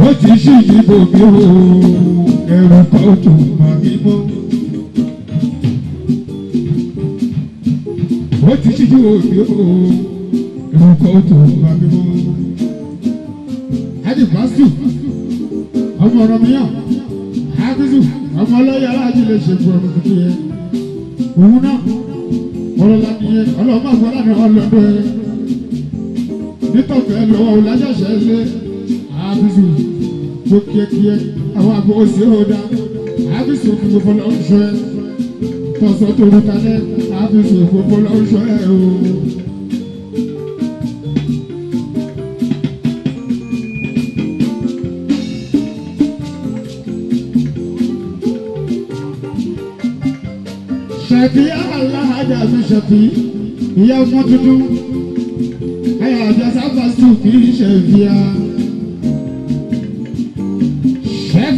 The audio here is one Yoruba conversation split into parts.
bó ti ṣì yíbo mi wò ẹ̀rù kan tó pa mí mọ́. bó ti ṣì yíbo mi wò ẹ̀rù kan tó pa mí mọ́. adi basu ọmọ ọ̀rọ̀ mìíràn akizu ọmọ ọlọ́yẹ aláàjì lè ṣe fún ọdún tuntun yẹn òun náà ọ̀rọ̀ lànà yẹn ọlọ́mọ àgbọ̀lá ni ọlọ́dọ̀ yẹn nítòkè lọ́wọ́ ọ̀làjọ̀ṣẹ́ lé abisu tó kíákíá àwọn àbúrò sí ọ̀dà abisu fún gbogbo lọ́n sọ ẹ́ tọ́sọ̀ tó abisu fún gbogbo lọ́n sọ ẹ́ o. ṣèfì aláhàjà fi ṣèfì ìyá ọmọ tuntun ayọ̀ àjàsá fásitì kì í ṣèfì á.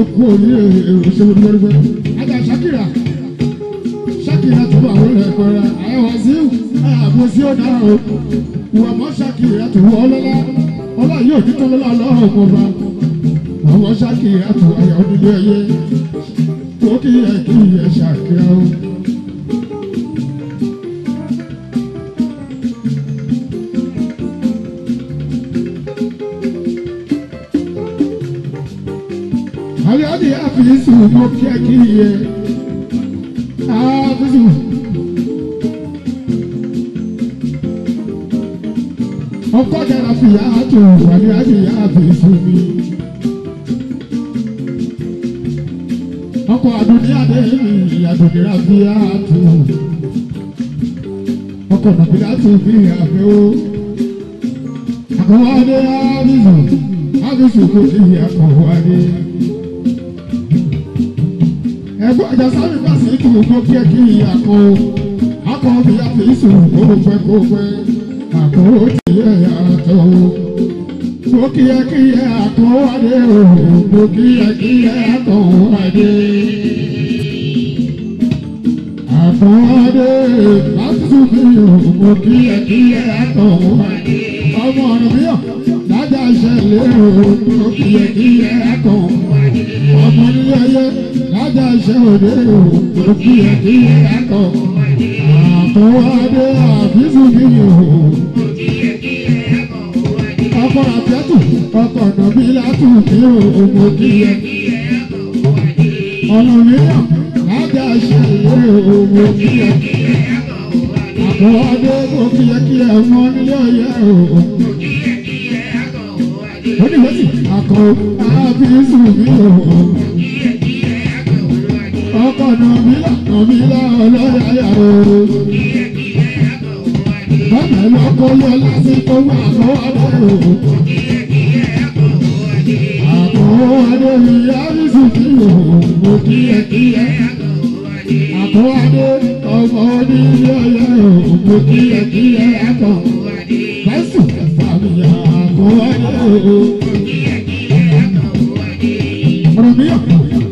òkú òní èrò ṣe wọ́n gbẹ́rúgbẹ́. ajá ṣakira ṣakira tó bá wọlé ẹ̀kọ́ rẹ̀ àyẹ̀wò sí àbò sí ọ̀daràn o wọ̀ mọ́ ṣakira tó wọ́ ọlọ́lá ọlá yóò ní tó lọ́lá ọlọ́run kò bá àwọn ṣakira tó ayọ̀ nílé ẹyẹ tó kí ẹ kí ẹ ṣakira o. Àbísù mo fẹ́ kí iye. Àbísù. Ọkọ dára fìyà tó wàlẹ́ àfìyà Àbísù mi. Ọkọ àdùnní àdé mi àdùnní àfìyà tó. Ọkọ nàbílà tó fi àfẹ́ o. Àkọ́wádé Àbísù Àbísù kò sí àkọ́wádé ẹ̀gbọ́n àjàsáré bá sì kì í kí ẹ kí ìyá kó akọ bí a fi sùn kó pẹ kó pẹ àkó tí ẹ yà kí ẹ kí ẹ àkó adé o mo kí ẹ kí ẹ àkó adé àkó adé látúntò mi o mo kí ẹ kí ẹ àkó adé ọmọ ọ̀nà mi ọ̀ lájà ìṣẹ̀lẹ̀ o mo kí ẹ kí ẹ àkó adé ọmọ nílẹ̀yẹ lájà ṣe òde òkú ẹ̀dí ẹ̀tọ́ àtọwádé àfíìsù níyì o. ọkọ àfẹ́tù ọkọ nàbí látù ní òmò kíyẹ. ọ̀nà mìíràn lájà ṣe òde òmò kíyẹ. àtọwádé òkú ẹ̀kí ẹ̀ mọ́ nílẹ̀ ọ̀yẹ́ o. ó ní lọ́sìn àkọ́ kábíyèsí mi ò. ọkọ̀ nàmílà nàmílà ọlọ́yàyà o. bàbá lọ́kọ́ yọ lásìkò wà lọ́wọ́ o. àkọ́ adé mi yábíyèsí mi ò. mo kíyẹ kíyẹ. àkọ́ adé ọmọ onílé ọyẹ o. mo kíyẹ kíyẹ àkọ́. Thank you.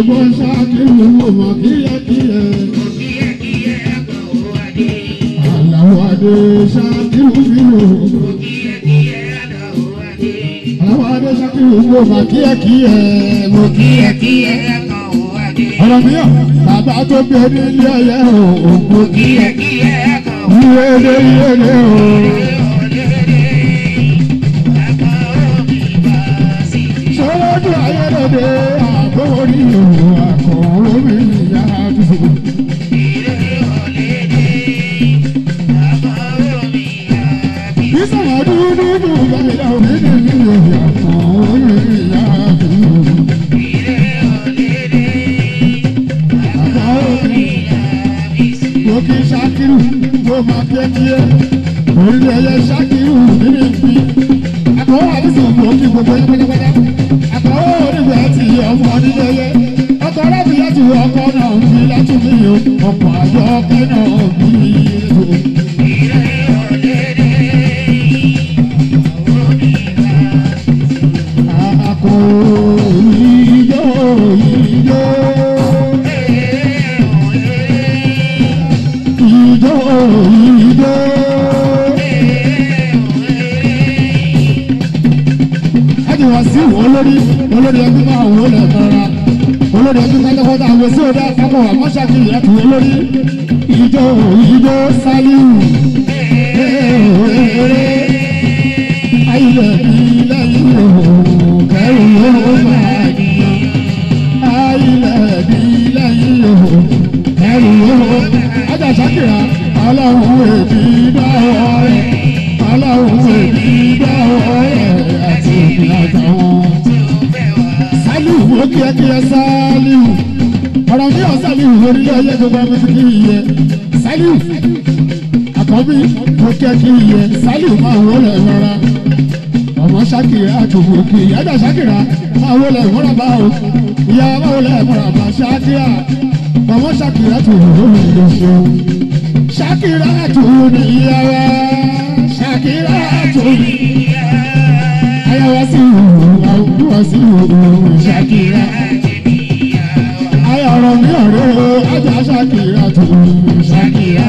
ẹ̀gbọ́n sáàkì mi Sọ́wọ́dún ayé lóde lórí òwò àkọ́rọ́ mi nìyá dùn. Ìsọ̀rọ̀ dúdú dùn bàbá òní nìyí òwò àkọ́rọ́ mi nìyá dùn. Òkè Ṣakiru ló máa fẹ́ kí ẹ. Orílẹ̀ ẹyẹ oh, oníwẹ̀ ti ọmọ nílé yẹ ọkọ láti láti wọ ọkọ náà ń fi láti mi o ọkọ àjọkẹ́ náà bí o. àkó ìjọ ìjọ. ìjọ ìjọ. sí ìwọ olórí olórí ẹbí máa wò lẹ̀ tọ́ra olórí ẹbí pátápátá àwọn sí ọ̀dà àpapọ̀ àmọ́ ṣàkíyè ẹ̀kú olórí ìjọ ìjọ sálíù ayílẹ̀ ìlẹ̀ ìlẹ̀ kẹrù ló máa di ayílẹ̀ ìlẹ̀ ìlẹ̀ kẹrù ló máa di. ajá ọlọ́run èbí bá wọ̀ ẹ́ ọlọ́run èbí bá wọ̀ ẹ́ ìlàjà o. sálíwù ó kíákíá sálíwù ọ̀rọ̀ mi ò sálíwù lórílẹ̀ ayé gbogbo ẹni fi kí iye sálíwù àkọ́bí ó kíákíá iye sálíwù máa wọ́ lẹ̀ lọ́ra ọmọ ṣákìrì àtòwò òkè ìyájà ṣákìrà máa wọ́ lẹ̀ mọ́ra bá o ìyá máa wọ́ lẹ̀ mọ́ra Shakira tuni yawa yawa ayọ̀wọ́sí ìwà òkúwọ́sí Shakira. ṣàkírà. ayọ̀rọ̀ mi ọ̀rẹ́ o ajá Shakira, Shakira. Shakira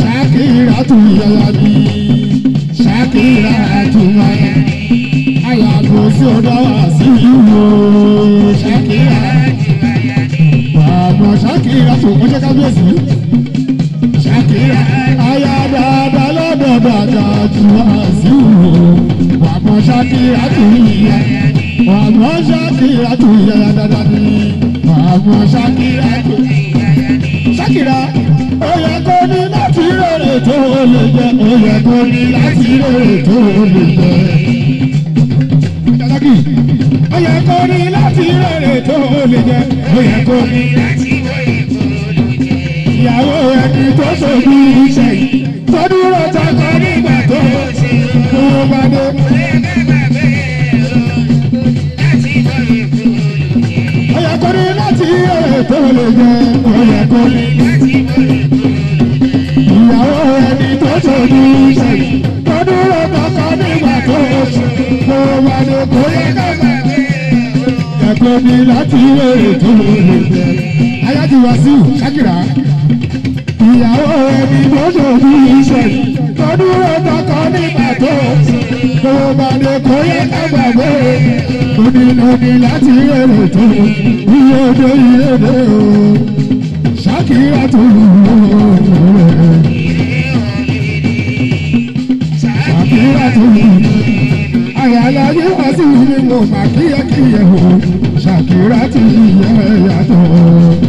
ṣàkírà tó yọ̀yà Shakira ṣàkírà tó wáyà. ayàgò sí ọ̀dọ́ àti ìwò Shakira. tó Shakira, bàbá ṣàkírà tó kọjá Shakira. ṣàkírà ayà dáadáa lọ alágbàdà tí wọ́n sí wò wàmọ́ ṣáàkì àtúnyẹ wàmọ́ ṣáàkì àtúnyẹ dáadáa ni wàmọ́ ṣáàkì àtúnyẹ. ṣákìrà ó yẹ kó ní láti rèrè tó lè jẹ ó yẹ kó ní láti rèrè tó lè jẹ. ó yẹ kó ní ìyàwó ẹni tó ṣojú iṣẹ́ yìí tó dúró lè jẹ kó yẹ kó lè ìyàwó ẹni tó ṣojú ṣẹlẹ̀ tó dúró kọ́kọ́ nígbà tó oṣù kó wà ní kó yẹ kẹfẹ́ ẹ̀kọ́ ni láti wéèrè tó lè jẹ. Shakira, ọkọ ní pàtó kó bàdé kó yẹ ká gbàgbé onínúni láti èrò tó iye odò iye odò ṣàkíyà tó ṣàkíyà tó àyàlá yé wá sí ìlú mo mà kíyàkíyà o ṣàkíyà tó yẹ yàtọ̀.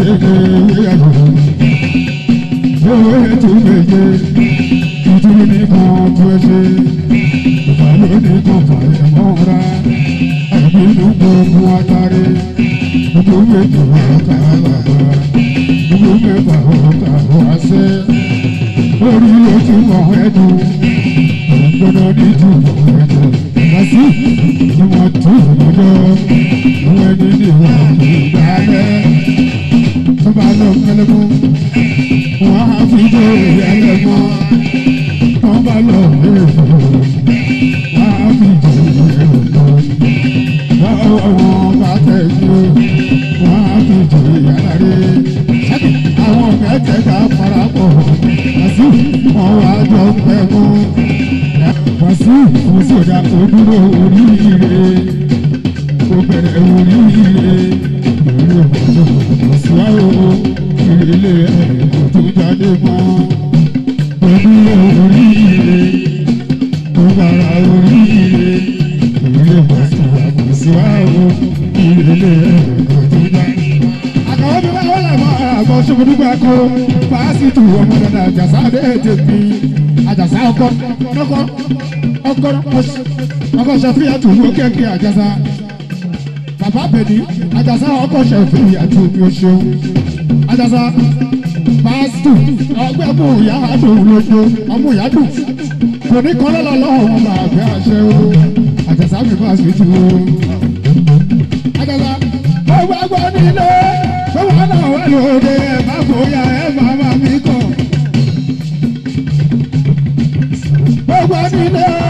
méje àjòjì. Lóòrè ètò méje, ìdúró ní kan tó ẹ ṣe. Ìbàlú ní kan fàlẹ̀ mọ́ra. Àgbínú gbogbo atare. Gbogbo méje ọ̀tá bàbá. Gbogbo mẹ́fà ọ̀tá wáṣẹ́. Orí ló ti mọ̀ ẹ́dùn. Gbọ́dọ̀ ní ìdúró ẹ̀dùn. Kàsí ni wọ́n tún lọ́dọ̀. ọkọ ṣẹfì àti òun ó kẹ́kẹ́ àjàsà bàbá bẹ̀dì àjàsà ọkọ ṣẹfì àti òun ṣeun àjàsà pásítù ọgbẹ́ mú ìyá àdùn lójó ọmú ìyá dùn kò ní kan lọ́la lọ́wọ́ wọn máa fẹ́ àṣẹ o àjàsà mi máa sì tù o. àjàsà ọgbẹ́ ẹgbẹ́ nílé tó wà náà wà lóde ẹ̀ má fòyà ẹ̀ má má mi kàn. ọgbẹ́ nílé.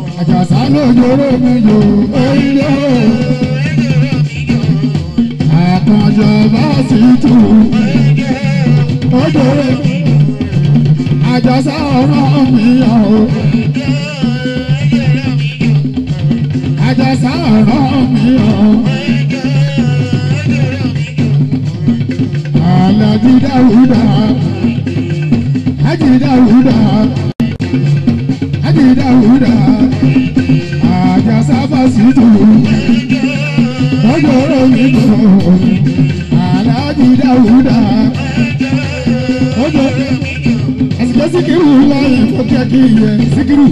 àjàsá lójoro mi jò oríire àkànjọ bá sì tù ojoro àjàsá ọ̀rọ̀ mi yà o àjàsá ọ̀rọ̀ mi yà o. Alájí Dáwúdà, Ají Dáwúdà dáwúdà àjàsá fásitì ọgbọ̀rọ̀ mi kọ̀ aláàjì dáwúdà ọgbọ̀ àsìkò síkírù láyé fún kẹ́kí yẹ síkírù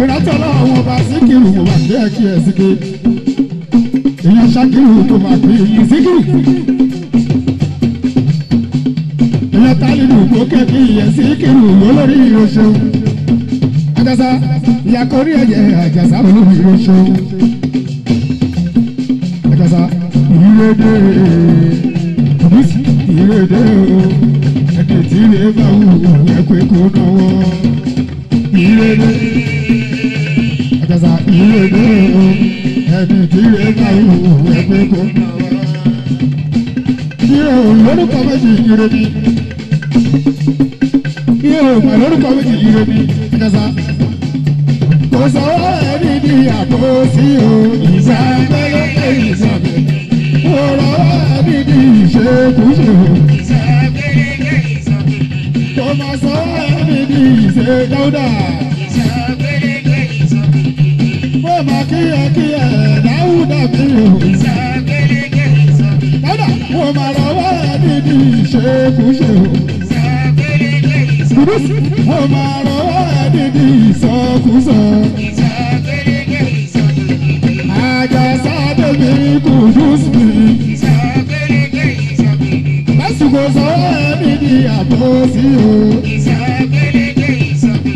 ìrántọ́lá àwọn ọba síkírù wà kẹ́kí ẹ̀ síkírù èèyàn ṣákírù tó máa pè é síkírù èèyàn tálílù tó kẹ́kí yẹ síkírù olórí ìrọ̀ṣẹ́ àjàsà ìyàkórí ẹ̀yẹ àjàsà olóbìnrin oṣù àjàsà ìrèdè kùmùsì ìrèdè o ẹ̀dẹ̀ tí ilé bá wù ẹ̀kọ́ ẹ̀kọ́ náwó ìrèdè àjàsà ìrèdè o ẹ̀dẹ̀ tí ilé bá wù ẹ̀kọ́ ẹ̀kọ́ náwó. yíyẹ o lórúkọ méjì ìrèdè yíyẹ o lórúkọ méjì ìrèdè àjàsà kò sọ́wọ́ ẹni ní àkóso ìsàgbẹ́lẹ́ ìsàgbẹ́ kò rọ́wọ́ ẹni ní ìṣekúṣe ìsàgbẹ́lẹ́ ìsàgbẹ́ kò má sọ́wọ́ ẹni ní ìṣedáúdà ìsàgbẹ́lẹ́ ìsàgbẹ́ kò má kíyàkíyà dáúdà mi ò ìsàgbẹ́lẹ́ ìsàgbẹ́ dáúdà kò má rọ́wọ́ gidi ìsọkúsọ. àjàsá bèbèrè kò dùsùnmí. lásìkò sọ́wọ́ ẹ̀mí ni àbòsí o.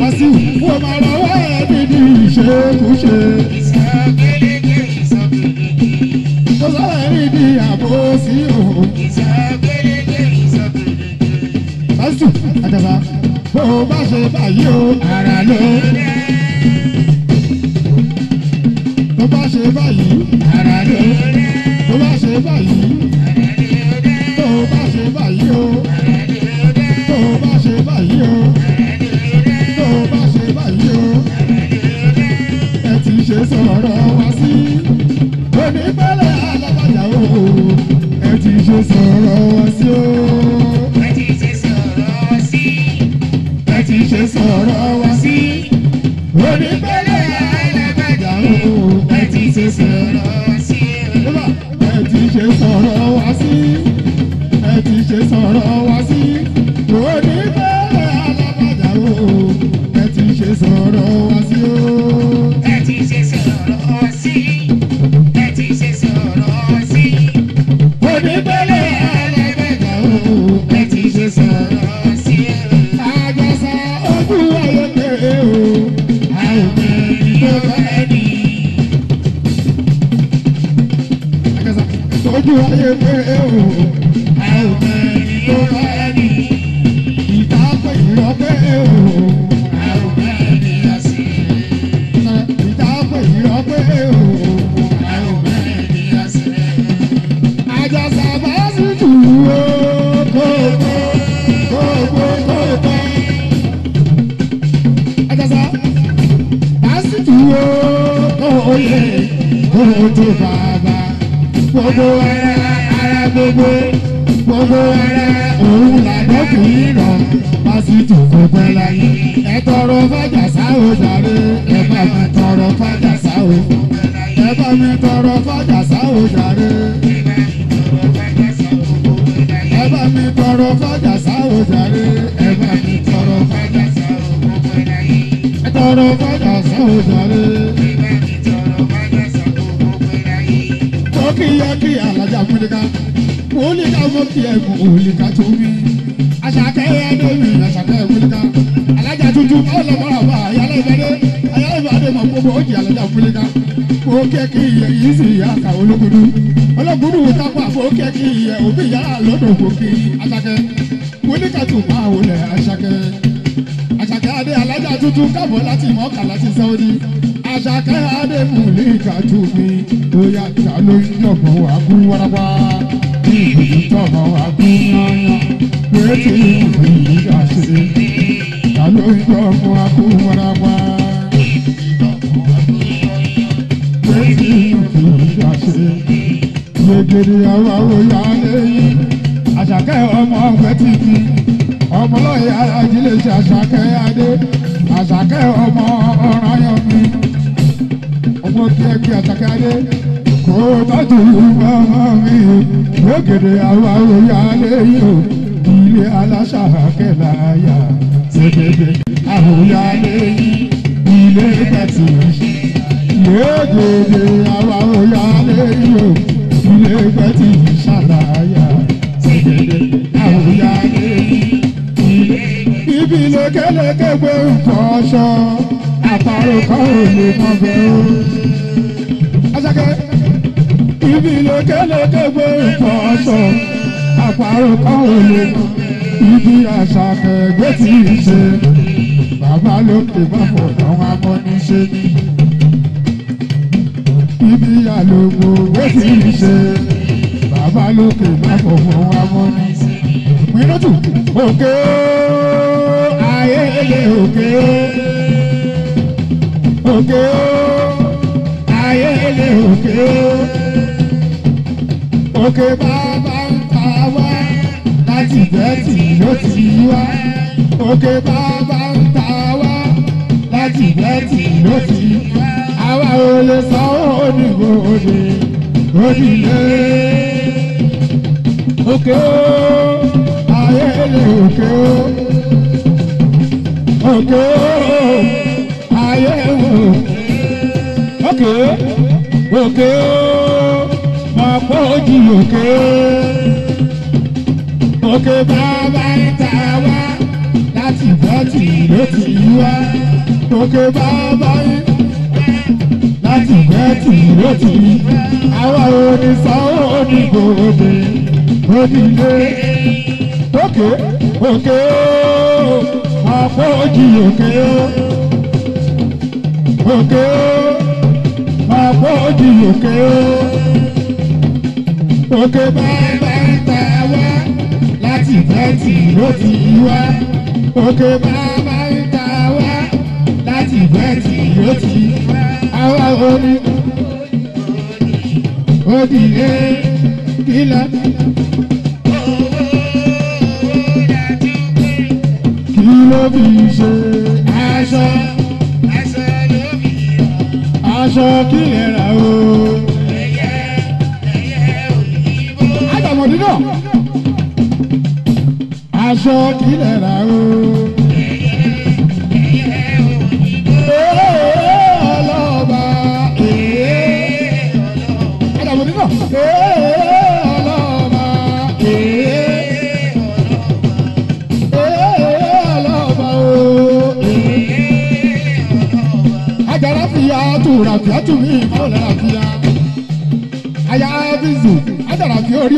lásìkò máa lọ́wọ́ ẹ̀mí ni ìṣekúṣe. kò sọ́wọ́ ẹ̀mí ni àbòsí o. lásìkò àjàsá bó o bá ṣe báyìí o ara ló dé. tó bá ṣe báyìí ara ló dé. tó bá ṣe báyìí. Christmas. ìran pásítọ̀. àkà ológudu ológudu wò tápà fòókè kí iyẹ òbí yàrá lọ́dọ̀ gòkè àṣàkẹ́ oníkàtù máa wọlé àṣàkẹ́ àṣàkẹ́ adé alájà tuntun kábọ̀ láti mọ́kà láti sáwọ́dí àṣàkẹ́ adé múlẹ̀ ìkàtù mi lóyà ta ló ń yọ̀gbọ̀n wà kú wárápá bí ìbùdó tọ̀mọ̀ wà kú yányán pé tí ìbùdó yìí dà sí ta kú aṣọ àparòkọ òní kan bẹ o. ibi lékeleke gbé nǹkan aṣọ àparòkọ òní kan ibi àṣà kẹgbẹ́ tí ì ṣe bàbá lókè bàbọ̀ àwọn akọ́niṣe ni ibi àlòkò gbé tí ì ṣe bàbá lókè bàbọ̀ àwọn akọ́niṣe ni. mi lójú òkè ayẹyẹ òkè o òkè o ayẹyẹ òkè o òkè bàbá ń ta wá láti bẹ́ẹ̀tì ló ti wá òkè bàbá ń ta wá láti bẹ́ẹ̀tì ló ti wá àwa ò lè sọ òdìbò òde òdìlé òkè o ayẹyẹ òkè o. Ok, ok, òkè òkè ok, ok, jì òkè òkè bàbá ta wá láti bọ́tì ló ti wá òkè bàbá láti bọ́tì ló ti wá àwa ò ní sanwó onígbòde ọ̀pọ̀ oke o ó òkè ó oke òjì òkè ó òkè báyìí báyìí tá a wá láti tẹ́tì ló ti wá òkè báyìí tá a wá láti tẹ́tì ló ti àwa omi òdìlé kìlọ̀. fi ṣe. aṣọ aṣọ ló fi ṣe. aṣọ kí lè rà o. ẹyẹ ẹyẹ òyìnbó. àjàmọ̀dé náà. aṣọ kí o. ẹyẹ ẹyẹ.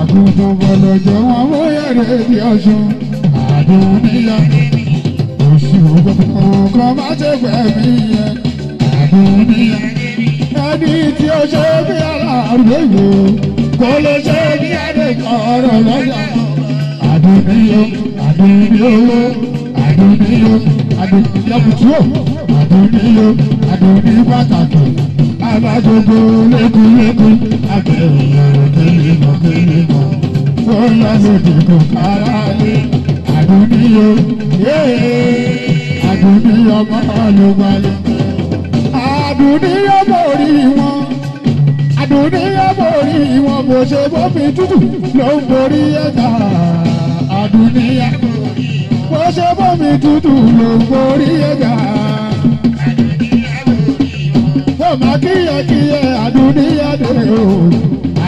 àgùntàn bọ̀lọ̀jọ̀ wọn wó yẹ̀rẹ̀ bí ọ̀ṣun àdùn níyà oṣù kọ̀ọ̀kan má ṣe gbẹ̀mí yẹn àdùn níyà ẹni tí ó ṣe bí aláàrúgbó ìwò kó ló ṣe bí ẹnìkan ọ̀rọ̀ lọ́jà àdùn níyà àdùn níyà owó àdùn níyà àdùn yàgùtù kìlìmọ̀ kìlìmọ̀ ó lọ lòdì kò kára lé àdúgbìyó àdúgbìyó máa ló gbalẹ̀ àdúgbìyó borí wọn àdúgbìyó borí wọn kò ṣe bófin túkù ló ń borí ẹ̀ka àdúgbìyó kò ṣe bófin tútù ló ń borí ẹ̀ka àdúgbìyó borí wọn kò má kíyèkíyè àdúgbìyó dé o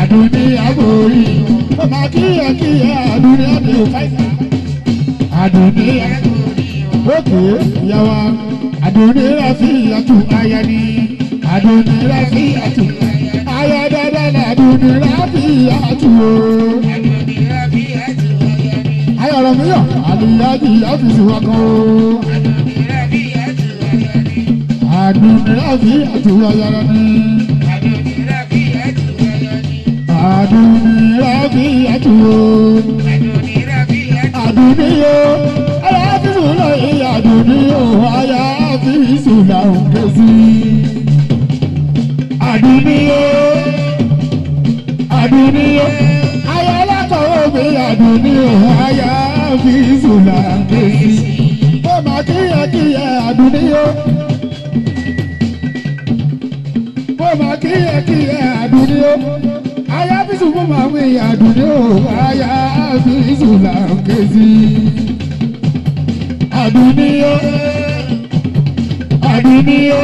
àdúní àbòrí ọmọ kíyèkíyè àdúní àbí òfáìsà àdúní àbòrí òkè ìyàwó àdúní rafi àtù ayani àdúní rafi àtù ayadada àdúní rafi àtù o. ayọ̀rọ̀ mi yọ̀ àlùyájì ọ́fíìsì wa kan o. àdúní rafi àtù ayani àdùnní rábíyàtú àdùnní o aláàfíìsù lọ́yìn àdùnní o àyà àfíìsù làwọn ké sí àdùnní o àdùnní o àyà alákọ̀ọ́ mi àdùnní o àyà àfíìsù làwọn ké sí ó mà kíyàkíyà àdùnní o. Ó mà kíyàkíyà àdùnní o ayábísù fún àwọn èèyàn àdúgbò ayábísù là ń ké sí. àdúníyó àdúníyó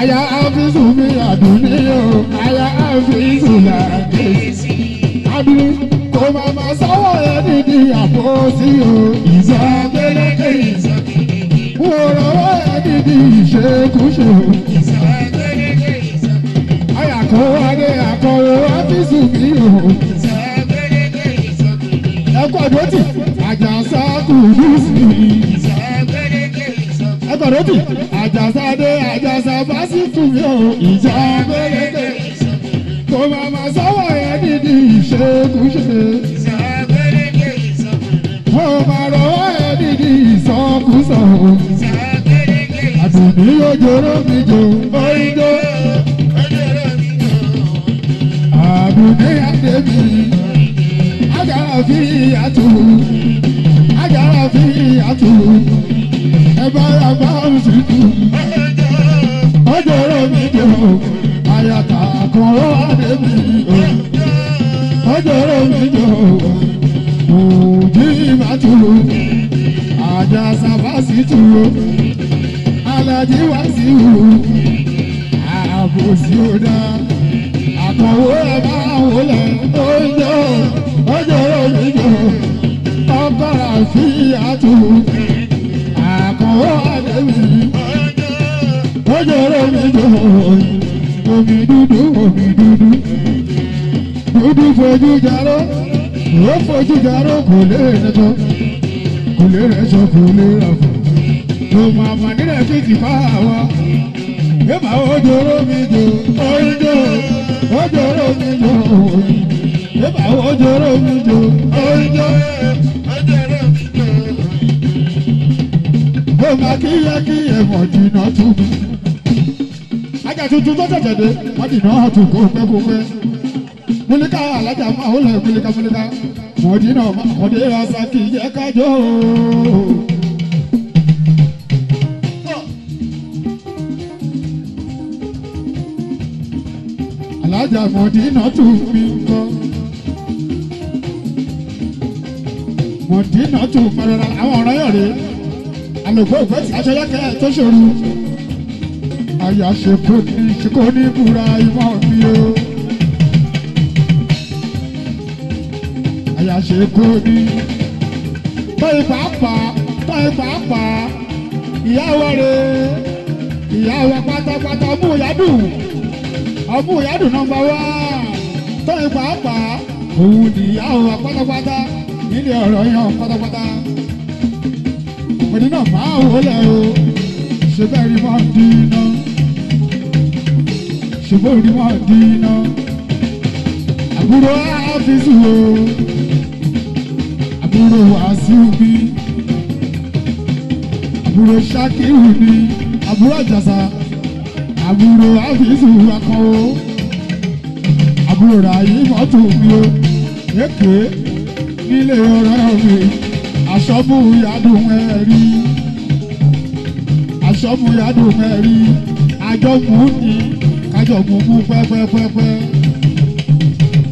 ayábísù mi àdúníyó ayábísù là ń ké sí. àdúní kò máa ma sáwọ́ ẹ̀ nídìí àpò sí o ìzọ́ gbẹ́lẹ́gbẹ́ ìzọ́ kìkìkì. wò lọ́wọ́ ẹ̀ sùkúrù. ẹkọ àdótì àjànsá kùdú sùkúrù. ẹkọ àdótì àjànsá dé àjànsá fásitì yóò ìjà gbẹ̀rẹ̀gbẹ̀. kò máa ma sọ́wọ́ yẹn dídí ìṣekúṣe. kò máa rọwọ́ yẹn dídí ìsọkúsọ. àdùnní yóò jòrò mi jò ó ń jò. ní àdébí agara fi àtù agara fi àtù ẹ bára bá òsì tù ọjọ́ rẹ̀ mi jọ àyàtà kan ó àdébí ọjọ́ rẹ̀ mi jọ òjì màtù àkàwé ẹ̀bá àwòlẹ̀ oúnjẹ oúnjẹ oúnjẹ ọkọ̀rà sí àtúntì àkàwé àdébì oúnjẹ oúnjẹ omi dúdú omi dúdú dúdú fojú jaró ó fojú jaró kò lè rẹjọ kò lè ojoro mi jo eba ojoro mi jo oyin ojoro mi jo oyin. ó máa kíyè kíyè mọ̀ jìnnà tún mi. ajá tuntun tó tẹ̀tẹ̀ dé wọ́n dìnnà ọ̀tún kó pẹ́ kó pẹ́. múlíkà alájà máa ó lọ múlíkà múlíkà mọ̀ jìnnà ọmọdé ọ̀sán kì í jẹ́ kájọ́ ooo. ọjà mọ̀dínà tù mí ńkọ́. mọ̀dínà tù mọ̀rọ̀ra àwọn ọ̀rọ̀ yọ̀ rẹ̀ ògbẹ́ tí aṣọ yẹ́kẹ́ tó ṣòro. àyà ṣe kó ní ṣekó ní búra ìmọ̀ mi o. àyà ṣe kó ní. báyìí pàápàá báyìí pàápàá ìyá wa ìyá wa pátápátá mú ìyá dùn ọbú ìyádùn nọ́mbà wá tóyìn pàápàá òun nìyá ọ̀rọ̀ pátápátá nílé ọ̀rọ̀ yan pátápátá òdì náà máa wò lẹ̀ o ṣe bẹ́ẹ̀ ni wọ́n dín iná ṣùgbọ́n ni wọ́n dín iná àbúrò áfíìsì o àbúrò wàásù mi àbúrò ṣákìrù mi àbúrò àjàsà àbúrò àfíìsì ìyàkan o àbúrò rà yí mọ́tò mi o èké nílé ọ̀rẹ́ mi àṣọ́múyàdùn ẹ̀rí àṣọ́múyàdùn ẹ̀rí àjọmú ni kájọmú mú pẹ́pẹ́pẹ́pẹ́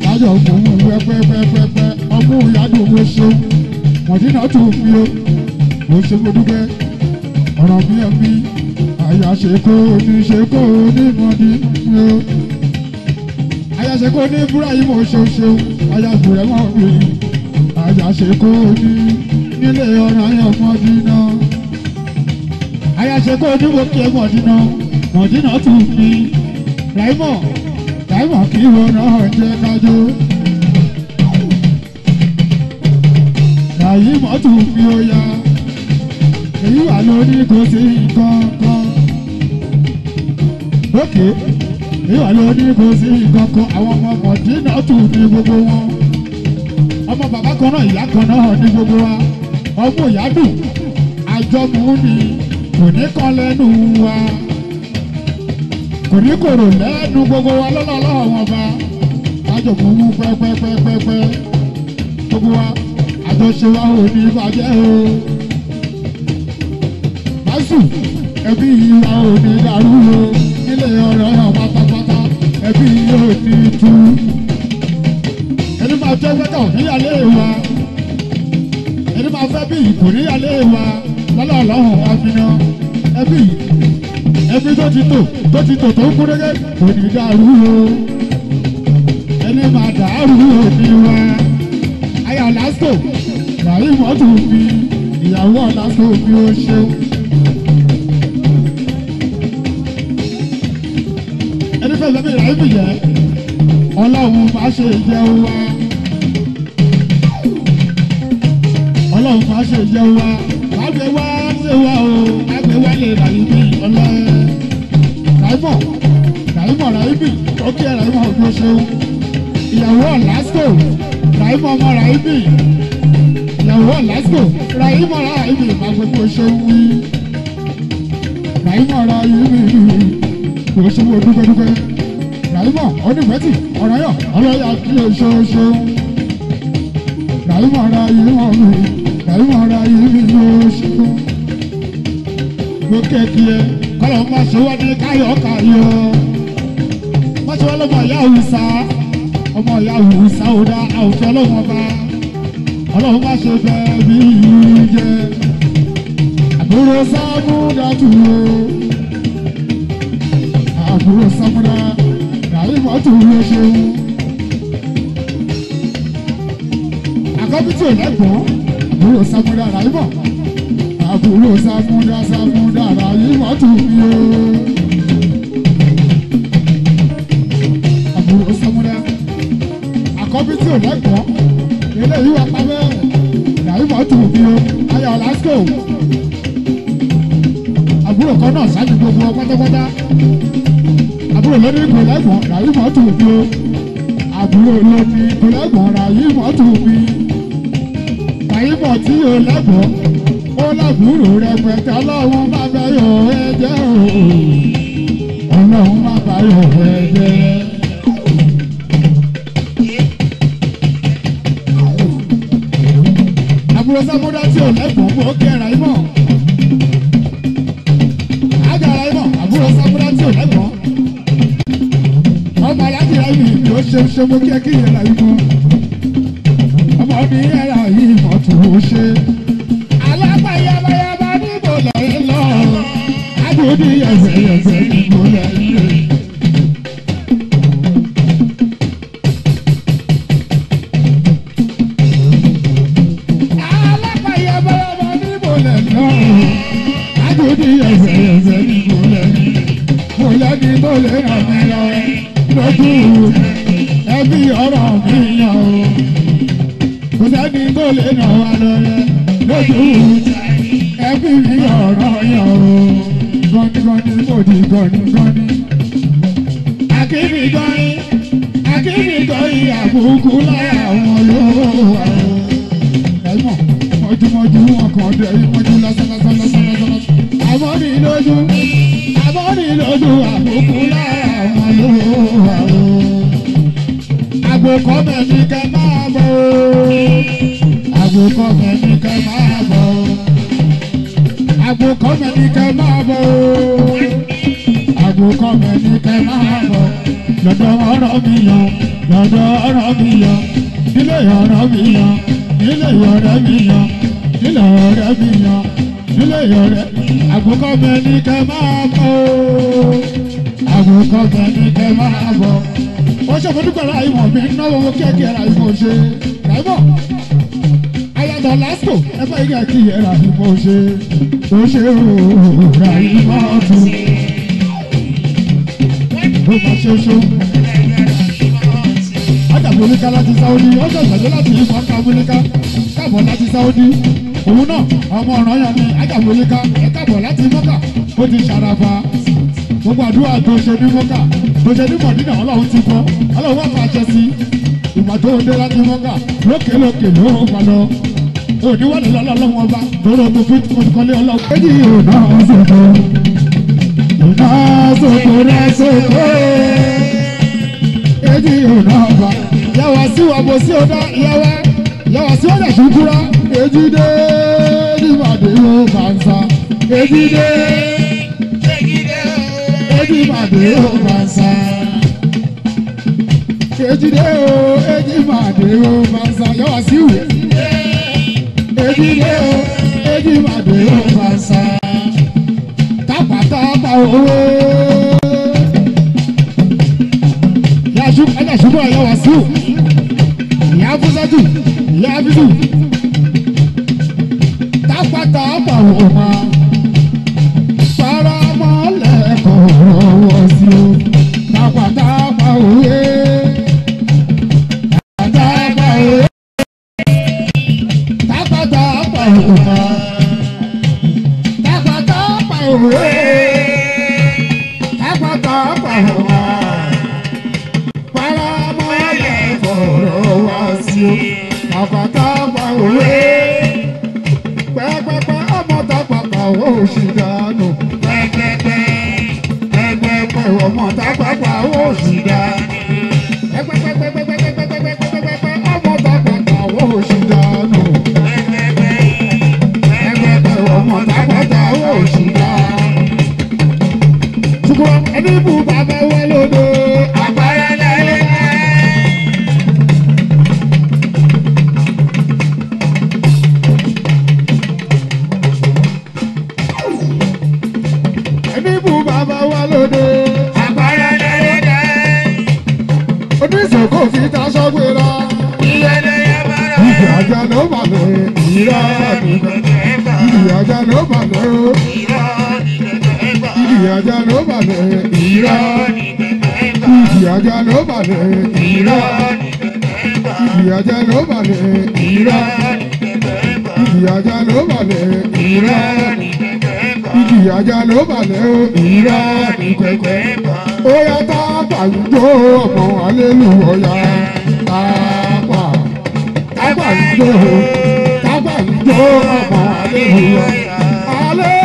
kájọmú mú pẹ́pẹ́pẹ́pẹ́ ọmú ìyàdùn mo ṣe mọ̀dínà tún mi o mo ṣe mo dúpẹ́ ọ̀rọ̀ mi ẹ̀ mi àyà ṣe ni ní ṣe kó ní mọ́ni o àyà ṣe kó ní búra yìí mo ṣe ṣe àyà bùrẹ̀ mọ́ mi àyà ṣe kó ní nílé ọ̀rọ̀ ayọ̀ mọ́dínà àyà ṣe kó na wọ́n kí ẹ mọ́dínà mọ́dínà tún ní ráìmọ̀ ráìmọ̀ kí wọ́n náà jẹ́ kájọ́. àyí mọ́tò fi ó ya èyí wà lórí kò sí nǹkan kan. lókè ìwà ló ní kò sí kan àwọn ọmọ mọ̀dínà tù ní gbogbo wọn ọmọ bàbá kan náà ìyá kan náà ní gbogbo wa ọmọ ìyá dùn àjọmú ni kò ní kan lẹ́nu wa kò ní kòrò lẹ́nu ọba mú pẹ́pẹ́pẹ́pẹ́ gbogbo wa wa ò ní bàjẹ́ o ẹbí ò ní jẹ ọ̀rọ̀ náà pátápátá ẹbí yóò ti tú. ẹni máa fẹ́ wẹ́tọ̀ níyàlé wa ẹni máa fẹ́ bí ìkù níyàlé wa lọ́lọ́ ọlọ́run wa fi ná ẹbí ẹbí tó ti tò tó ti tò tó ń kú dégé kò ní dàrú o ẹni máa dàrú o ní wa ayọ̀ lásìkò ràhìn mọ́tò fi ìyàwó ọ̀làsó fi ó ṣeun. bẹ́ẹ̀ lọ́mí ìrà ìbí yẹ ọlọ́run má ṣe jẹun wá ọlọ́run má ṣe jẹun wá lágbè wá ṣe wá o lágbè wá lè rà ìbí ọlọ́ ràìmọ̀ ràìmọ̀ ràìbí ókè ràìmọ̀ ọdún ṣeun ìyàwó ọ̀làsìkò ràìmọ̀ ọmọ ràìbí ìyàwó ọ̀làsìkò ràìmọ̀ ràìbí má gbogbo ṣeun wí ràìmọ̀ ràìbí kò ṣe wọ́n dúpẹ́ dúpẹ́ ràìmọ̀ onífẹ̀tì ọ̀rẹ́yọ̀ ọlọ́yà kí lè ṣoṣo. ràìmọ̀ ra yìí wọ̀ mí ràìmọ̀ ra yìí mi lóṣù. mo kẹ́kì ẹ kọ́lọ̀ má ṣe wá ní onímọ̀tò yẹn ṣeun. àkọ́bítì ìlẹ́gbọ̀n àbúrò sámúdà rà yíbọ̀ àbúrò sámúdà sámúdà rà yímọ̀tò mi o. àbúrò sámúdà àkọ́bítì ìlẹ́gbọ̀n eléyìí wà pamẹ́ rà yímọ̀tò mi o ayọ̀ lásìkò àbúrò kan náà ṣáájú gbogbo pátápátá àbúrò lórí ìpínlẹ̀gbọ̀n ràyí mọ́tò bí o àbúrò lórí ìpínlẹ̀gbọ̀n ràyí mọ́tò bí ràyí mọ́ tí o lẹ́gbọ̀n ó lábúrò rẹpẹtẹ ọlọ́run má báyọ̀ ẹ̀jẹ̀ o ọlọ́run má báyọ̀ ẹ̀jẹ̀. àbúrò sábúdá tí o lẹ́gbọ̀n bó kẹ́ra ìmọ̀ àgàrà ìmọ̀ àbúrò sábúdá tí o lẹ́gbọ̀n yìí ló ṣe ṣe mo kí ẹ kí yẹn láyé mọ́ ọmọ mi yẹra yìí mọ̀ tó o ṣe. alábàyàbàyàbà ní mo lọ ń lọ àbúrò ní ẹ̀sẹ̀ ẹ̀sẹ̀ ní ràìmọ̀ mi náwó kẹ́kẹ́ ràìmọ̀ ṣe ràìmọ̀ ayàtọ̀ lásìkò ẹgbẹ́ ìgbà kí ẹ ràìmọ̀ ṣe ó ṣe ó ràìmọ̀ tù ó bá ṣe ṣó. Ajàgbé oníká láti Sáódì, ọjọ́ ìgbàgbé láti ìmọ̀ ọ̀ka oníká, káàbọ̀ láti Sáódì òun náà ọmọ ọ̀ràn yẹn ni ajáwòléka ẹ káàbọ̀ láti mọ́kà ó ti ṣàràfà gbogbo àdúrà tó ṣe ní mọ́kà bóṣe ní mọ̀dínà ọlọ́run ti kọ́ ọlọ́run wà fàájẹ sí ìgbà tó dé láti mọ́gà lókèlókè ló ń pa lọ òní wà lọ́lọ́ ọlọ́run ọba lóró tó fi kọ́lé ọlọ́run. èyí ò náà sọ̀tọ̀ ò náà sọ̀tọ̀ náà sọ̀tọ̀ èyí ò náà bá. yàwá sí wa bó sí ọ̀dà yàwá yàwá sí ọ̀dà tó èjì dé ní màdé yóò kà ń sa èjì dé eji màdé o màsà. Ejide o eji màdé o màsà yọ wá sí ìwé. Ejide o eji màdé o màsà. Tápátápá owó. Yàjú ẹ̀dá ṣùgbọ́n ẹ̀yọ wá sí ìwé. Ìyá Fúsẹ́tù ìyá Bídù. Tápátápá owó máa. ló bà mẹ́ o. Ìdí ajá ló bà mẹ́. Ìrọ́ ìdí ajá ló bà mẹ́. Ìrọ́ ìdí ajá ló bà mẹ́. Ìrọ́ ìdí ajá ló bà mẹ́. Ìrọ́ ìdí ajá ló bà mẹ́ o. Ìrọ́ ó yá tá a pàlùjọ ọmọ alélùwọ̀ya tá a pa tá a pàlùjọ tá a pàlùjọ ọmọ alélùwọ̀ya.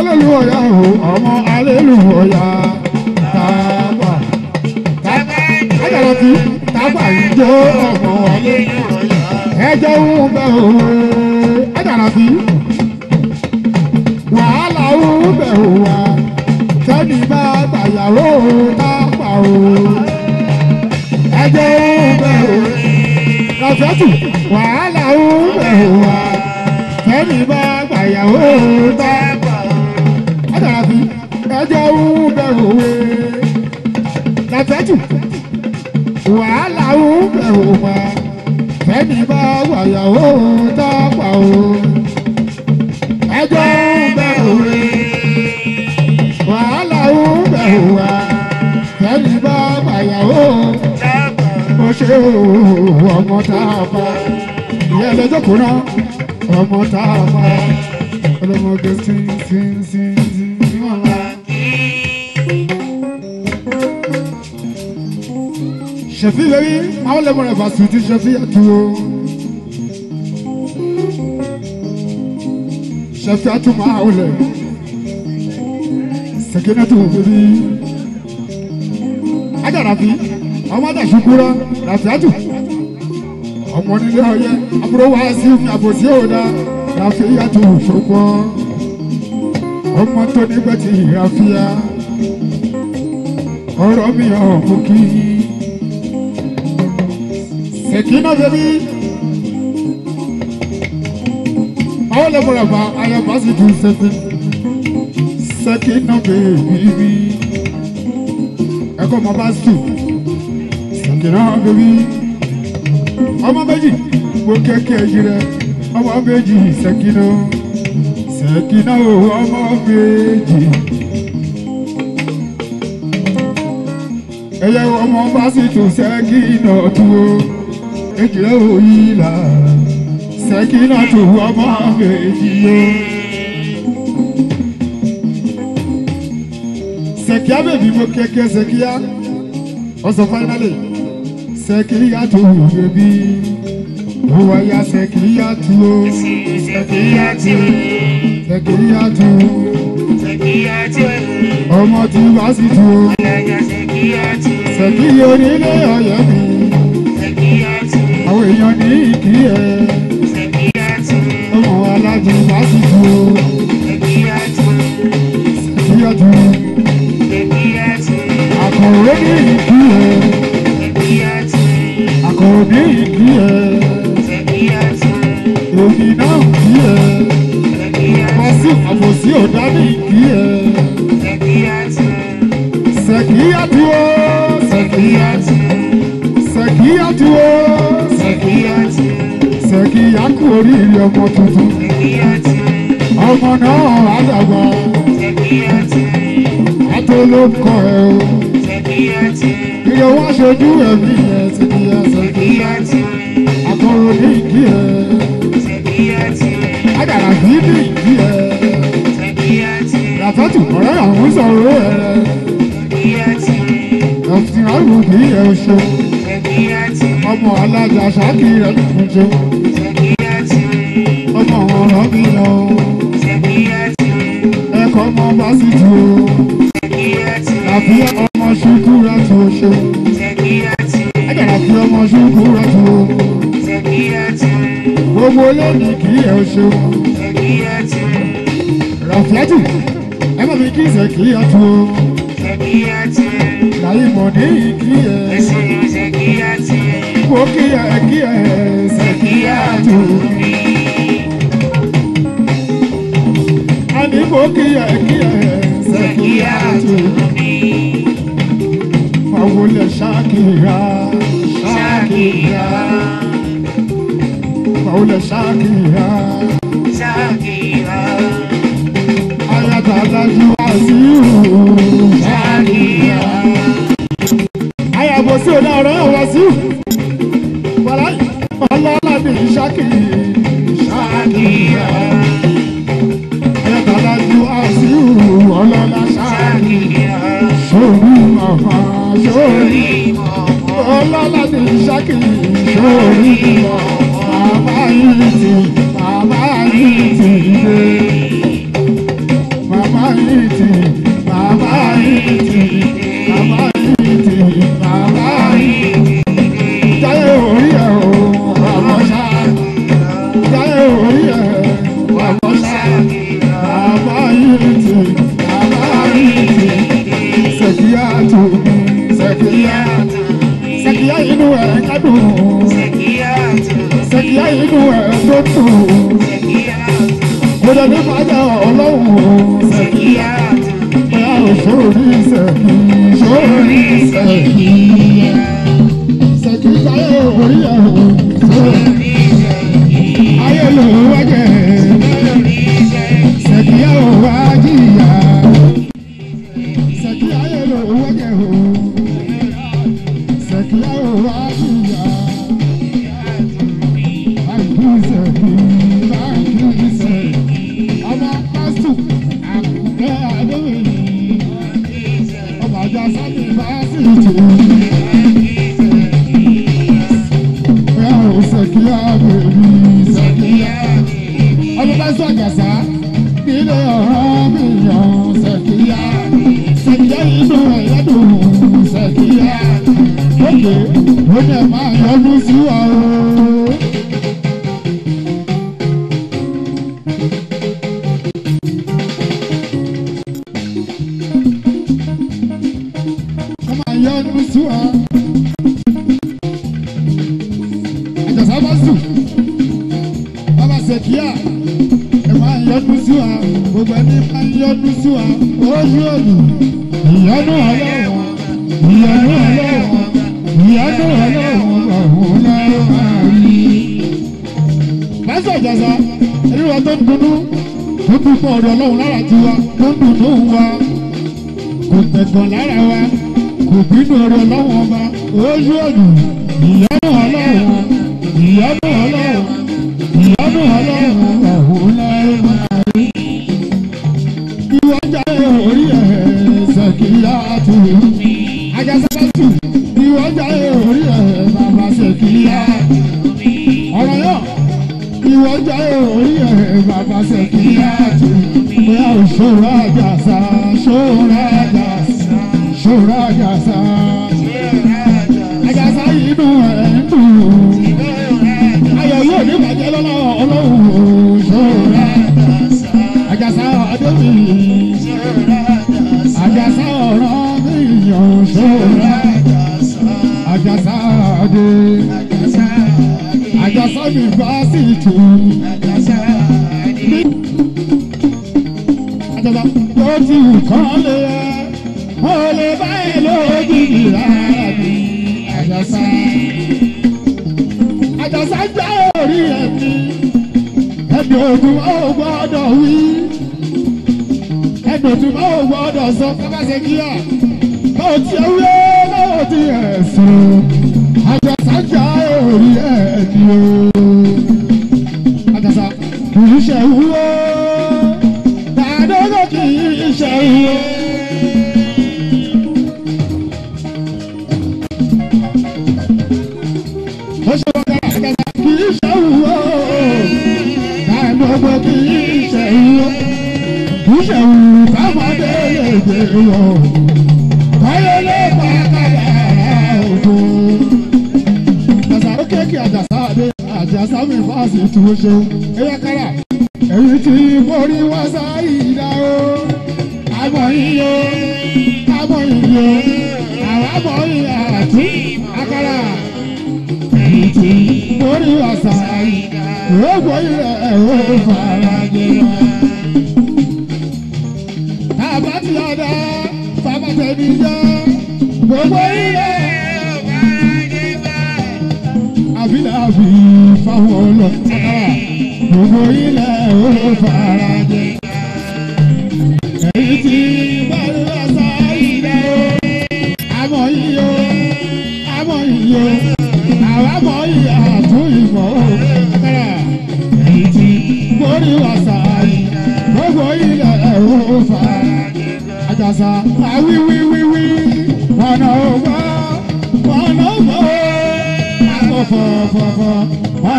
alélùwọ̀yà o ọmọ alélùwọ̀yà tàbà ajalọtí tàbà ìjọ ọmọ alélùwọ̀yà ẹjọ ń bẹ òwe ajalọtí wàhálà ń bẹ òwa sẹ́ni bá gbàyàwó tàbà o ẹjọ ń bẹ òwe lọ́sẹ̀tù wàhálà ń bẹ òwa sẹ́ni bá gbàyàwó tàbà ń bẹ̀rù wé lẹ́fẹ̀ẹ́jù wàhálà ń bẹ̀rù wá fẹ́ni bá wàyàwó tọ́pà o ẹjọ́ ń bẹ̀rù wé wàhálà ń bẹ̀rù wá fẹ́ni bá wàyàwó mo ṣe ọmọ tààfà ìyá ẹlẹ́jọ́ kò náà ọmọ tààfà ọlọ́mọge sí sí Ṣèfì baby, àwọn lẹ́mọ̀ rẹ̀ fàṣùtù Ṣèfì àtúwò. Ṣèfì àtúmọ̀ àwọn lẹ̀. Sèkéná tó baby, bí. Ajá Ràfi, ọmọ àdàṣù kúrọ́, Ràfi àtù. Ọmọ nílé ọyẹ, àbúrò wa sí mi àbòsí òdà, Ràfi àtù ṣọpọ̀. Ọmọ tó nígbà tí Ràfi yá, ọ̀rọ̀ mi ò mú Tekina baby. All over about I am busy to seven. Sekina baby. Eko ma basu. Sekina baby. Ọmọ méjì wo kẹ̀kẹ́ jire. Ọmọ méjì Sekina. Sekina o ọmọ méjì. ẹyẹ ọmọ bá sì tún ṣẹ́gi náà dúró ẹ̀jẹ̀ òyìnlá sẹ́kínà tó wọ́ máa ń gbèjì yó. sẹ́kíá bèbí mo kéke sẹ́kíá ọ̀sán fáínálì ya tó wù bèbí ó wáyà sẹ́kíá tó sẹ́kíá tó Omo tó sẹ́kíá tó ọmọ tí wá sí tó sẹ́kíá onílé ọ̀yẹ́ mi àwọn èèyàn ní ìkí ẹ̀. ọmọ alájọ lásìkò. ìyàtú. àkọ̀wé ní ìkí ẹ̀. àkọ̀wé ní ìkí ẹ̀. èmi náà kí ẹ̀. àbọ̀sí àbọ̀sí ọ̀dá ní ìkí ẹ̀. sẹ̀kíyàtú. sẹ̀kíyàtú. sẹ̀kíyàtú. sẹ̀kíyàtú. Ṣẹ̀kíyà kú oríire ọmọ tuntun. Ọmọ náà àdàgbà. Atolókọ̀ ẹ̀ o. Ìyẹ̀ wá ṣojú ẹ̀mí ẹ̀ Ṣẹ̀kíyà Ṣẹ̀kíyà. Àkọ̀rọ̀ ní ìdí ẹ̀. Àdàrà bí ní ìdí ẹ̀. Ràtọ́tù ọ̀rẹ́ àwọn sọ̀rọ̀ ẹ̀. Ọ̀sìn àrùn bí ẹ̀ ṣe ọmọ alága sákì rẹ̀ tuntun tó. ọmọ ọ̀rọ̀ mi lọ. ẹ̀kọ́ ọmọ fásitì o. àfi ọmọ ṣubú rẹ̀ tó ṣe. ẹ̀kọ́ àfi ọmọ ṣubú rẹ̀ tó. gbogbo lónìí kì í ẹ̀ ṣe. ràfíàtì ẹ bá mi kí ìṣẹ́ kì í ẹ̀ tó. láyé mọ̀ ní ìkí ẹ̀ kó kíyà kíyà ẹsẹ̀ kíyà tó mi. Àní kó kíyà kíyà ẹsẹ̀ kíyà tó mi. Fàwọlẹ̀ ṣáàkìyà ṣáàkìyà. Fàwọlẹ̀ ṣáàkìyà ṣáàkìyà. Ayàtà lájú wá sí ìhù ṣáàkìyà. Ayàbọ̀ sí ọ̀nà ọ̀rọ̀ wá sí sórí ọlọ́lá ní sákì sórí bàbá yìí ti bàbá ìyanu ọlọ́run ìyanu ọlọ́run ọ̀hún náà máa rí. pásítọ̀ jàzá ẹni wa tó ń dunnú tó dùn fún ọ̀dọ̀ ọlọ́run lára tiwa tó ń dùn lóhùn wa kò tẹ̀gbọ̀n lára wa kò ọba ó yóò dùn ìyanu a sì tún ó ṣeun ẹ̀yà kára. ẹ̀yin tí borí wá sáyé ìdá o àmọ́ iye àmọ́ iye àwámọ́ iye àti àkàrà. ẹ̀yin tí borí wá sáyé ìdá o gbọ́ ilẹ̀ ẹ̀wọ́ farajẹ́ wa. àbátí ọ̀dà fàbàtẹ́bí jẹ́ gbogbo yìí. lọ tà gbogbo fara jẹ. èyí tí gbàdúrà sọ ilẹ̀ o àmọ́ iye o àmọ́ iye o àwa mọ iye àtún ìmọ̀ o kára èyí tí gbórí wà sà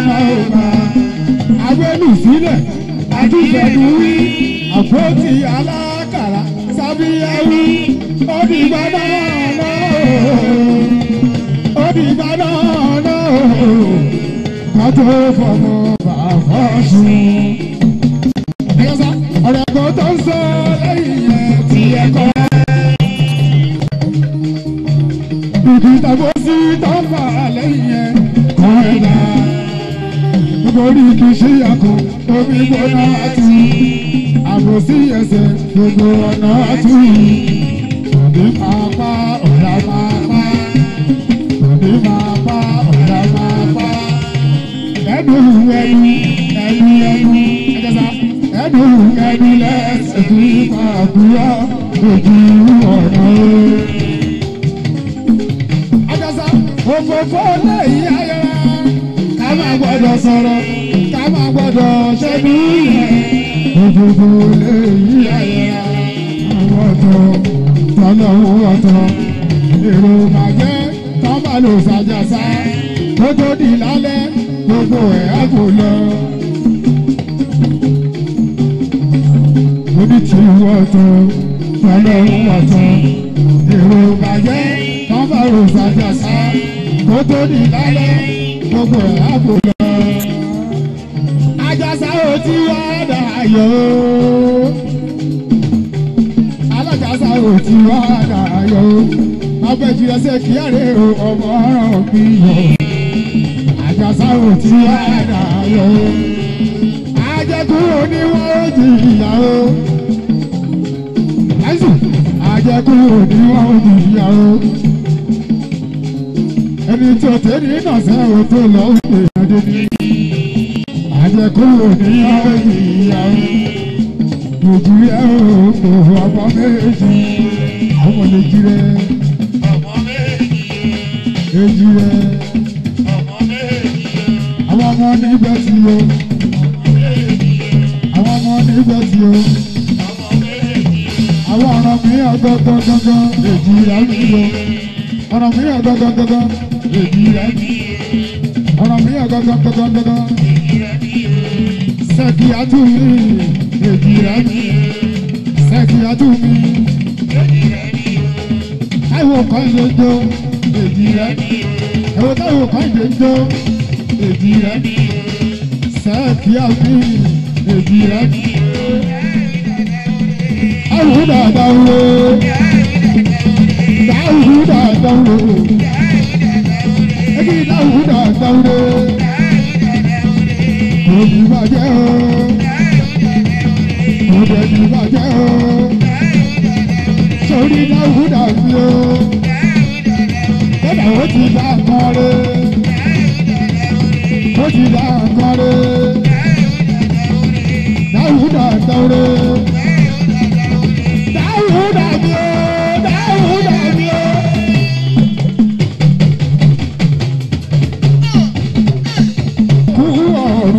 ọmọ ògbà awélùsílẹ̀ àdìgbẹ̀dùwí àpótí alákàrà sábíyáwí òdìgbàdà náà òdìgbàdà náà kátó fọmọ bàbá sùn. sí ẹsẹ̀ gbogbo ọ̀nà àtúnyí. Òní máa pa ọ̀la máa pa. Òní máa pa ọ̀la máa pa. Ẹ̀dùn ẹni ẹni ẹni ẹ̀dùn ẹni lẹ́sẹ̀ tó ń pa àbúrò ojú ọ̀nà o òfófó lẹ́yìn ayọ̀ ká má gbọ́dọ̀ sọ̀rọ̀ ká má gbọ́dọ̀ ṣẹ́bí rẹ̀ ìdìbò lẹ́yìn àwọn ọ̀tọ̀ tọ́lá owó ọ̀tọ̀ èrò bàjẹ́ tọ́ba ló ṣàjàsá tó tó di lálẹ́ gbogbo ẹ̀ á lọ. Oní ti wọ ọ̀tọ̀ tọ́lá èrò bàjẹ́ tọ́ba ló ṣàjàsá tó di lálẹ́ gbogbo ẹ̀ á lọ. ayọ̀ alájàsá ò ti wá dàyọ̀ abẹ́jú ẹsẹ̀ kíárẹ̀ o ọmọ ọ̀ràn bí yọ àjàsá ò ti wá dàyọ̀ ajẹkùn ni wọ́n ó jìyà o ẹ̀sùn ajẹkùn ni wọ́n ó jìyà o ẹni tó tẹ̀lé náà jẹ kúrò ní ìyá nàìjíríà òkè ọmọ méjì ọmọ nàìjíríà ọmọ méjì nàìjíríà ọmọ méjì àwọn ọmọ nígbà tí o àwọn ọmọ nígbà tí o àwọn ọ̀ràn mi ọgọ́gọ́ gángan nàìjíríà mi o ọ̀ràn mi ọgọ́gọ́ gángan nàìjíríà mi ọ̀ràn mi ọgọ́gọ́ gángan sẹ́kìyàtú mi èjì rẹ̀ mi sẹ́kìyàtú mi èjì rẹ̀ mi táwọn kan ṣe jó èjì rẹ̀ mi ẹ̀wọ̀n táwọn kan ṣe jó èjì rẹ̀ mi sẹ́kìyàtú mi èjì rẹ̀ mi àwọn dàda wo dáhùn dàda wo ẹ̀kí dáhùn dàda wo mo ti bàjẹ́ o mo jẹ ti bàjẹ́ o sórí dáhùdà sí o kódà ó ti bá kan re ó ti bá kan re dáhùdà tán re dáhùdà mi o.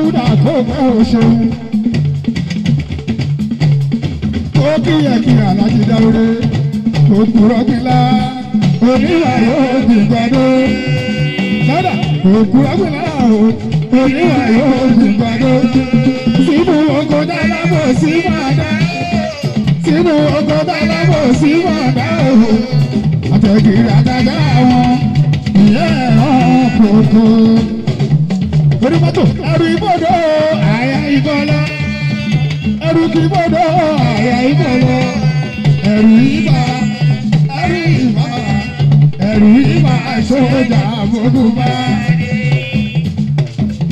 dáúdà kó mọ́ ò ṣeun. ó kíyẹ̀kíyà láti dáúdé òkúrọ́gbìnlá oníwà yóò di gbàdé. sọ́dà òkúrọ́gbìnlá oníwà yóò di gbàdé. sínú oko dálábò sí máa dá. sínú oko dálábò sí máa dá o. àtẹ̀gìrì àtàgbà wọn ìyá torí mọ́tò ẹrù ìbọ̀dọ̀ àyà ìbọ̀lá ẹrù kìbọ̀dọ̀ àyà ìbọ̀lá ẹrù ìbà ẹrù ìbà ẹrù ìbà sójà mọ́tòbá.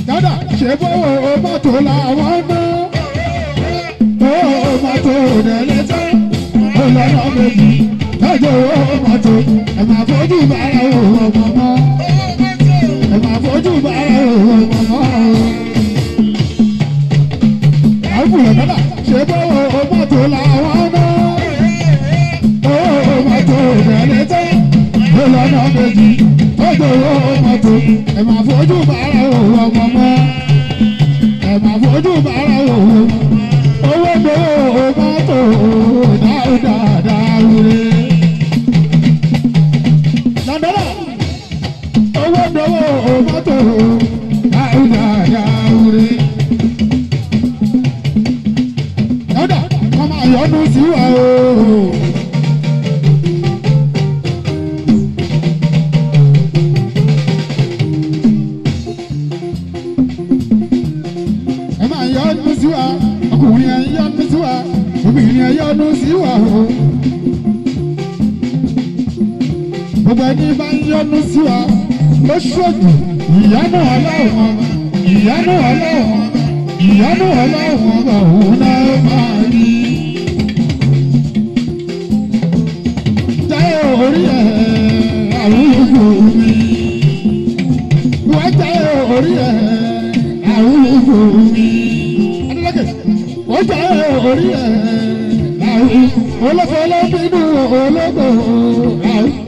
dada ṣe bọ́wọ́ mọ́tò làwọn gbọ́ bọ́wọ́ mọ́tò nẹ́lẹ́tà ọlọ́rọ̀ méjì lọ́jọ́ mọ́tò ẹ̀ máa fojú bá ara wọn mọ́ màmá fojú bára òun màmá òun. àbúrò mọ́lá ṣe bọ́wọ́ ọgbọ́n tó làwọn náà. owó mọ́tò ìrẹ̀lẹ̀ tẹ́ ló lọ́nà méjì ọjọ́ owó mọ́tò ẹ̀ máa fojú bára òun ọmọ mọ́. ẹ̀ máa lówó mọ́tò láìda yàwúrí. yọ̀dà kọ́ máa yọ̀dún sí wa o. ẹ máa yọ̀dún sí wa ọkùnrin ẹ̀ yọ̀dún sí wa obìnrin ẹ̀ yọ̀dún sí wa o. gbogbo ẹni bá ń yọ̀dún sí wa lọ́sọ̀dù ìyá náà láwọn ìyá náà láwọn ìyá náà láwọn ọba òun náà máa rí. Táyọ̀ orí ẹ̀ àwọn ológo mi. Wọ́n táyọ̀ orí ẹ̀ àwọn ológo mi. Adélọ́kẹ̀ táyọ̀ orí ẹ̀ àwọn ológo olóbìnú ológo àwọn.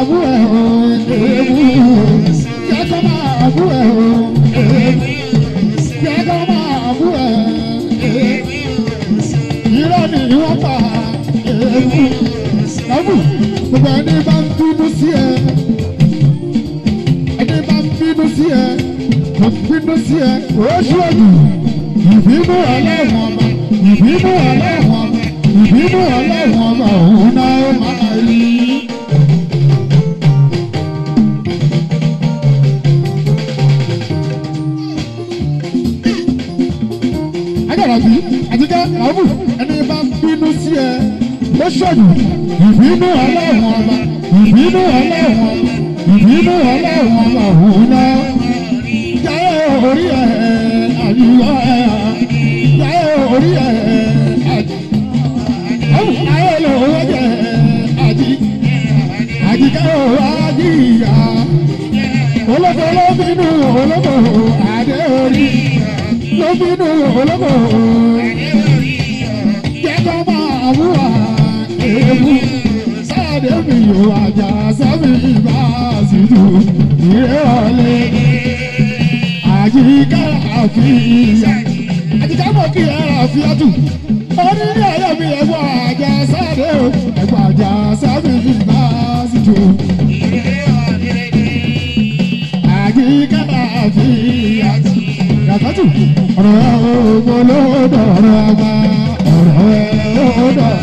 àbú ẹ̀ o èmi jẹ́ kó máa àbú ẹ̀ o èmi jẹ́ kó máa àbú ẹ̀ èmi irọ́ ni ìwọ́n pa èmi lọ́bù gbogbo ẹni bá ń bínú sí ẹ ẹni bá ń bínú sí ẹ kò bínú sí ẹ kò ṣe òdù ìbínú ọlọ́wọ́n ọba ìbínú ọlọ́wọ́n ọba ìbínú ọlọ́wọ́n ọba òun náà ó máa. ṣèlú ìbínú ọlọ́run ọba ìbínú ọlọ́run ọba ìbínú ọlọ́run ọba òun náà jáyé orí ẹ̀ àyùwọ́ ẹ̀ jáyé orí ẹ̀ àjì ọ̀hún ayé lòwọ́ jẹ́ àjì àjìká òwò àjìyà olóko ló bínú olóko àdé orí ló bínú olóko. adébí yóò àjà sẹ́mi ìbá àṣìjú ìrẹ́ ọ̀lẹ́ àjíká àfíìyà àjíká mọ̀ kí ẹ rà fíọ́tù onílé ayé mi ẹ̀gbọ́n àjà sẹ́mi ẹ̀gbọ́n àjà sẹ́mi ìbá àṣìjú ìrẹ́ ọ̀lẹ́ àjíká àfíìyà yàtọ̀tù ọ̀rọ̀ ẹ̀ ọ̀gbọ́n ló dọ̀ ọ̀rọ̀ àgbà ọ̀rọ̀ ẹ̀ ó dọ̀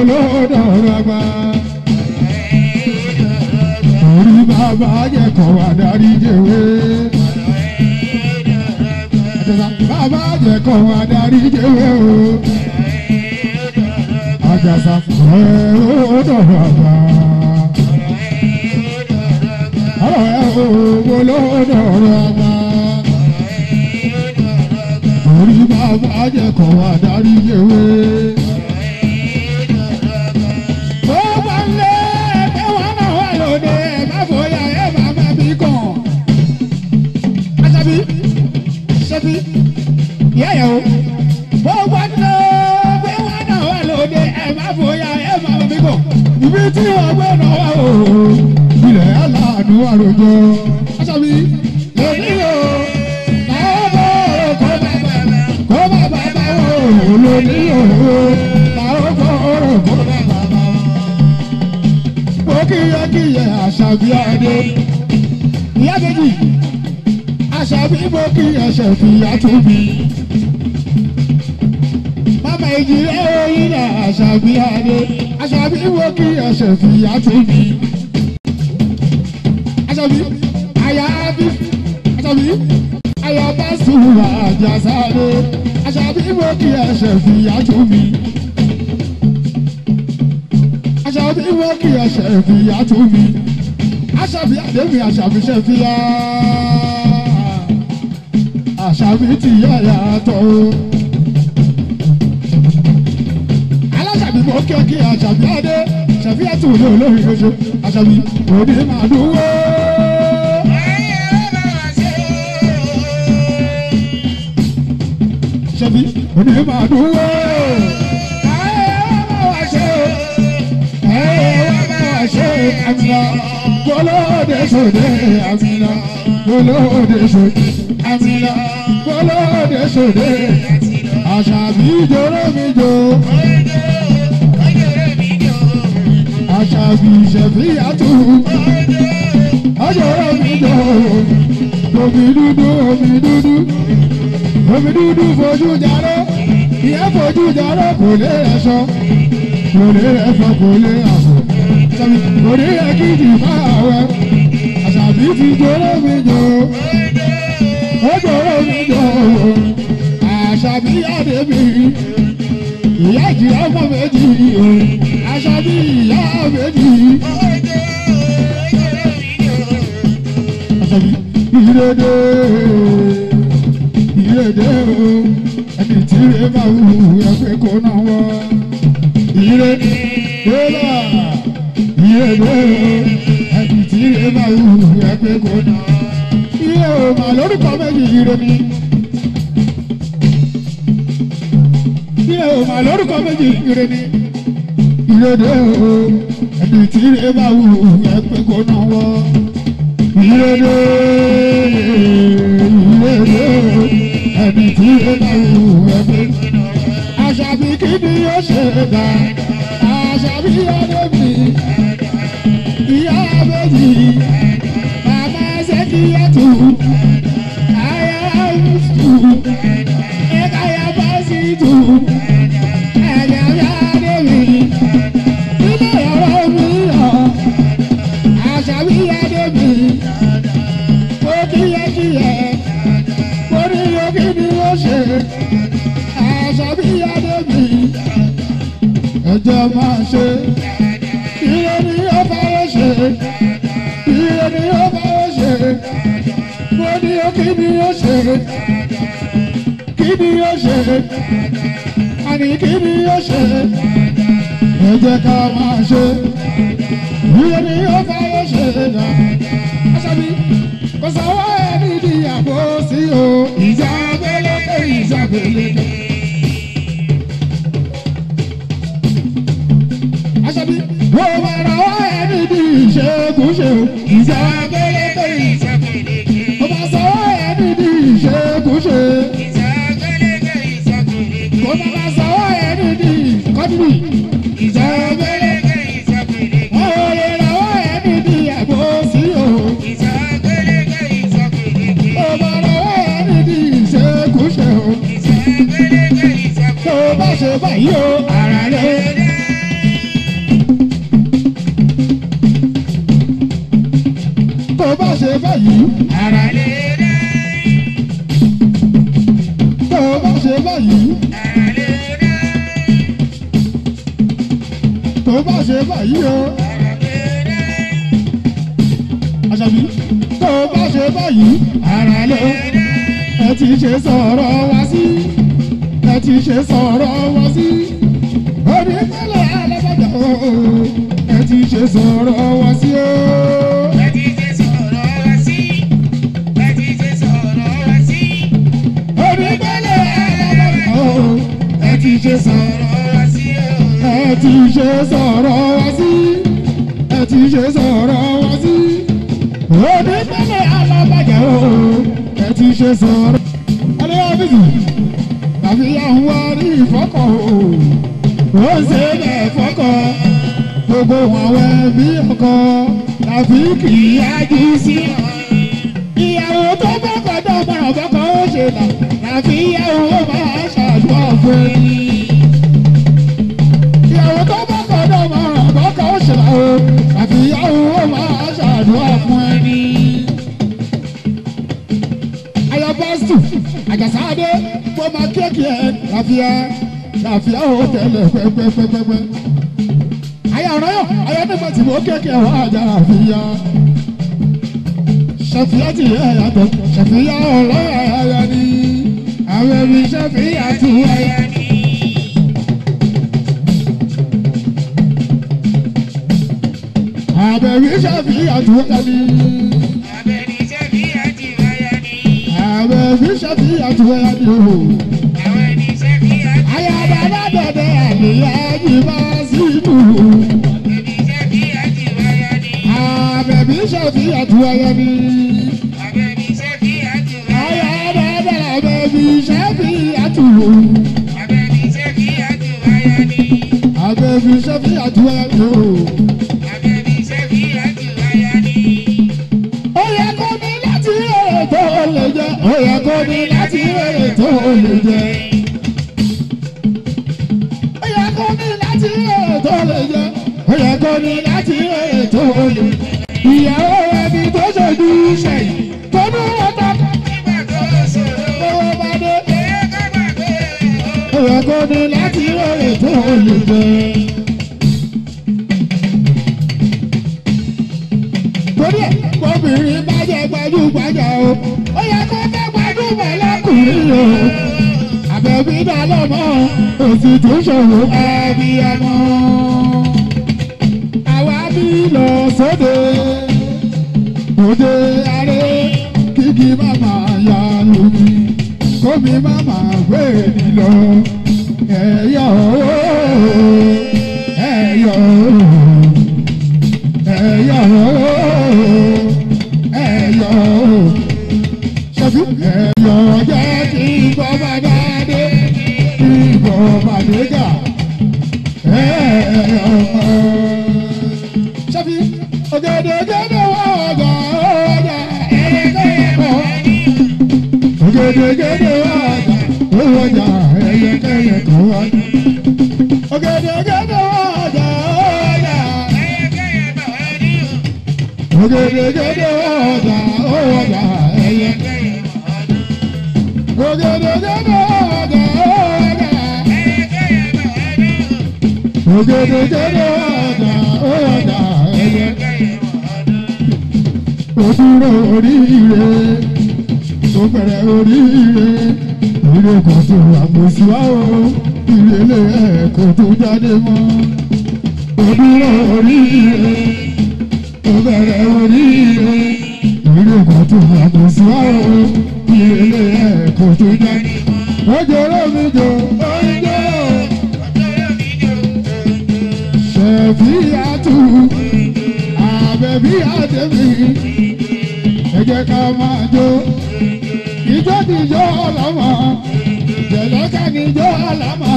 olódàràgbà. Orí bàbá Ajẹ́kọ̀ wà dárí jèwé. Bàbá Ajẹ́kọ̀ wà dárí jèwé o. Àjàsà ọ̀rẹ́ olódàràgbà. Ọ̀rẹ́ olódàràgbà. Orí bàbá Ajẹ́kọ̀ wà dárí jèwé. ṣebí ìyá ìyàwó gbogbo àná gbé wọn náà wà lóde ẹ má bóyá ẹ má bọ̀ mí kọ̀ ibi tí wọn gbé náà wà o ilẹ̀ aláàánú àròjọ. aṣọ mi lónìí o náà bọ̀ kọ́ bàbá kọ́ bàbá báwo lónìí o náà bọ̀ ọ̀rọ̀ kọ́ bàbá báwo. mo kíyẹ kíyẹ àṣà bíi adé ìyá kejì àṣàbí mo kí àṣàbí àtúbí. bàbá ìjì ẹ̀rọ̀yìn náà àṣàbí adé àṣàbí mo kí àṣàbí àtúbí. àṣàbí àyà bí àṣàbí àyà bá sùnwà àjàsáré àṣàbí mo kí àṣàbí àtúbí. àṣàbí mo kí àṣàbí àtúbí. àṣàbí àdébí àṣàbí ṣe fi yá àṣà mi ti yá yàtọ̀ o. aláṣàbí mo kí ọ kí àṣàbí adé ṣàbí ẹtù ló lórí ṣoṣo àṣàbí òde máa dúró. ṣàbí òde máa dúró. Bolo de sode, Amina. Bolo de sode, Amina ṣòde àṣàbí ìjòrò mi jò àṣàbí ìṣẹ̀bí àtú ọjọ́rọ̀ mi jò omi dúdú omi dúdú omi dúdú fojú jarọ́ ìyá fojú jarọ́ kò lè ẹ̀ṣọ́ kò lè jaro. kò lè àfọ̀ kò lè ẹ̀kíjì máa wẹ̀ àṣàbí ti jòrò mi jò ó jòrò mi jò àṣàbí àdébí ìyá ìjìyà ọmọ méjì àṣàbí ìyá méjì. àṣàbí ìrèdè ìrèdè o ẹni tí rè máa wù ẹgbẹ́ kó náà wọ́. ìrèdè dọ́là ìrèdè o ẹni tí rè máa wù ẹgbẹ́ kó náà. iye o màá lórúkọ méjì ìrèdè. o mà lórúkọ méjì ire ni ìrèdè o ẹni tí ire bá wù ẹ pé kó náà wọ ìrèdè ìrèdè ẹni ire bá wù ẹ pé àṣàbí kí ni yóò ṣe dá àṣàbí ọdẹ ìyá méjì bàbá ṣẹ́kíyàtù ayé ayé sùn ẹ̀ka yàtọ̀ sí tù. jẹ́ máa ṣe. Ire ni ó fọwọ́ ṣe. Ire ni ó fọwọ́ ṣe. Mo ní o kí ni ó ṣe. Kí ni ó ṣe. Àní kí ni ó ṣe. Ẹ jẹ́ ká máa ṣe. Ire ni ó fọwọ́ ṣe náà. Aṣáájú, kò sọ wá ẹni ìdíyàwó sí o. Ìjà abẹ́lẹ́dẹ́, ìjà abẹ́lẹ́dẹ́. ó bára wá ẹni bí ìṣègùn ṣe ìṣe agbélébé ìṣàkùnrin ṣe. ó bá sọ wá ẹni bí ìṣègùn ṣe. ìṣe agbélébé ìṣàkùnrin ṣe. ó bá sọ wá ẹni bí kọ́dúrì. ìṣe agbélébé ìṣàkùnrin ṣe. ó lè ra wá ẹni bí àgbòsí o. ìṣe agbélébé ìṣàkùnrin ṣe. ó bára wá ẹni bí ìṣègùn ṣe o. ìṣe agbélébé ìṣàkùnrin ṣe. tó bá ṣe báyìí o. ara lè rẹ. tó o bá ara lè rẹ. tó o bá ṣe ara lè rẹ. àṣàbí tó o bá ṣe ara lè rẹ. ẹ ti ṣe sọ̀rọ̀ wá sí ẹ ti ṣe sọ̀rọ̀ wá sí orí kọ́lẹ̀ alábàjá o àtijọ́ sọ̀rọ̀ wá sí àtijọ́ sọ̀rọ̀ wá sí àtijọ́ sọ̀rọ̀ wá sí onígbẹ́lẹ̀ alábàjẹ́ o àtijọ́ sọ̀rọ̀. alẹ́ àbíkì tàbí àwọn wá rí ìfọ́kọ̀ o ó ń ṣe bẹ́ẹ̀ fọ́kọ̀ gbogbo wọn wẹ́ bí ọkọ tàbí kì í yájú sí ọ ìyàwó tó bá kọjá ọmọ ọ̀bọ̀kọ̀ ó ṣe tàbí ìyàwó máa ṣe ọ̀gbẹ́ ni. ìyàwó tó bá kọ̀dọ̀ máa ràn bọ́kà ó ṣèlàwó àti ìyàwó ó máa ṣàdúrà fún ẹni. ayọ̀básítù àjàsáadé mo máa kéèkì ẹ̀ làfíà làfíà ó tẹ̀lé pẹ́pẹ́pẹ́pẹ́. ayọ̀ ọ̀rọ̀ yọ̀ ayọ̀ nígbà tí mo kéèkì ẹ̀ wá àjà làfíà ṣàfíà ti yẹ ẹ̀yà tó ṣàfíà ọ̀rọ̀ ẹ̀yà ni àwọn ẹbí sẹ́fì àtúwọ̀ yẹn ni. àbẹ̀bí sẹ́fì àtúwọ̀ yẹn ni. àbẹ̀bí sẹ́fì àtúwọ̀ yẹn ni. àbẹ̀bí sẹ́fì àtúwọ̀ yẹn ni o. àbẹ̀bí sẹ́fì àtúwọ̀ yẹn ni. ayaba bá dọ̀dẹ̀ àbíyá ẹ̀mí bá sí ibù. àbẹ̀bí sẹ́fì àtúwọ̀ yẹn ni. àbẹ̀bí sẹ́fì àtúwọ̀ yẹn ni. ṣẹ́bi ṣẹ́bi àtúwò. Abẹ́bí ṣẹ́bi àtúwáyá ni. Abẹ́bí ṣẹ́bi àtúwáyá ni o. Abẹ́bí ṣẹ́bi àtúwáyá ni. Ó yẹ kó ní láti èrè tó o lè jẹ. Ó yẹ kó ní láti èrè tó o lè jẹ. Ó yẹ kó ní láti èrè tó o lè jẹ. Ó yẹ kó ní láti èrè tó o lè jẹ. Ìyàwó ẹni tó ṣojú iṣẹ́ yìí. rẹ̀ tó ní láti rọrùn fún olùgbé. torí ẹ̀ obìnrin bá jẹ́ gbajúgbajà o ó yẹ kó fẹ́ gbajúmọ̀ lọ́kùnrin o àbẹ̀bí náà lọ́mọ òsì tó ṣòro ẹbí ọmọ àwa bí lọ sóde òde aré kíkí bàbá yá lómi kómi má máa gbé ni lọ ẹ̀yọ́ ẹ̀yọ́ ẹ̀yọ́ ẹ̀yọ́ ṣẹ́bí ẹ̀yọ́ jẹ́ kí ìbọn bá dáadé kí ìbọn bá dé gà ẹ̀yọ́ ṣẹ́bí ọ̀gẹ̀dẹ̀ gẹ́gẹ́. ògèdègèdè wà ó wọjà ẹyẹkẹyẹ tó wà. ògèdègèdè wà ọjà ó wọjà ẹyẹkẹyẹ tó wà ní. ògèdègèdè wà ọjà ó wọjà ẹyẹkẹyẹ tó wà ní. ògèdègèdè wà ọjà ó wọjà ẹyẹkẹyẹ tó wà ní. ògèdègèdè wà ọjà ó wọjà ẹyẹkẹyẹ tó wà ní. òdúró oríire mo bẹ̀rẹ̀ oríire ire kò tó àpòsí wá o ìrẹ̀lẹ̀ ẹ̀ kò tó jáde mọ́ òdúrà oríire mo bẹ̀rẹ̀ oríire ire kò tó àpòsí wá o ìrẹ̀lẹ̀ ẹ̀ kò tó jáde mọ́. ó jẹ́ ọ̀rọ̀ mi jọ ọ̀rọ̀ ṣẹ̀fí àtú àbẹ̀bí àtẹ̀mí ẹ jẹ́ ká máa jó níjó níjó ọlọ́mọ jẹ̀lẹ́kẹ̀ níjó ọlọ́mọ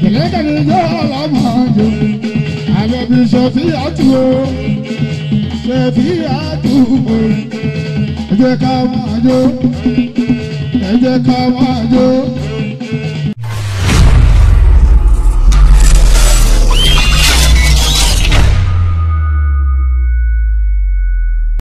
jẹ̀lẹ́kẹ̀ níjó ọlọ́mọ jù àlẹ́bí ṣòfíà tù ó ṣòfíà tù ó ẹ jẹ́ ká máa jó ẹ jẹ́ ká máa jó.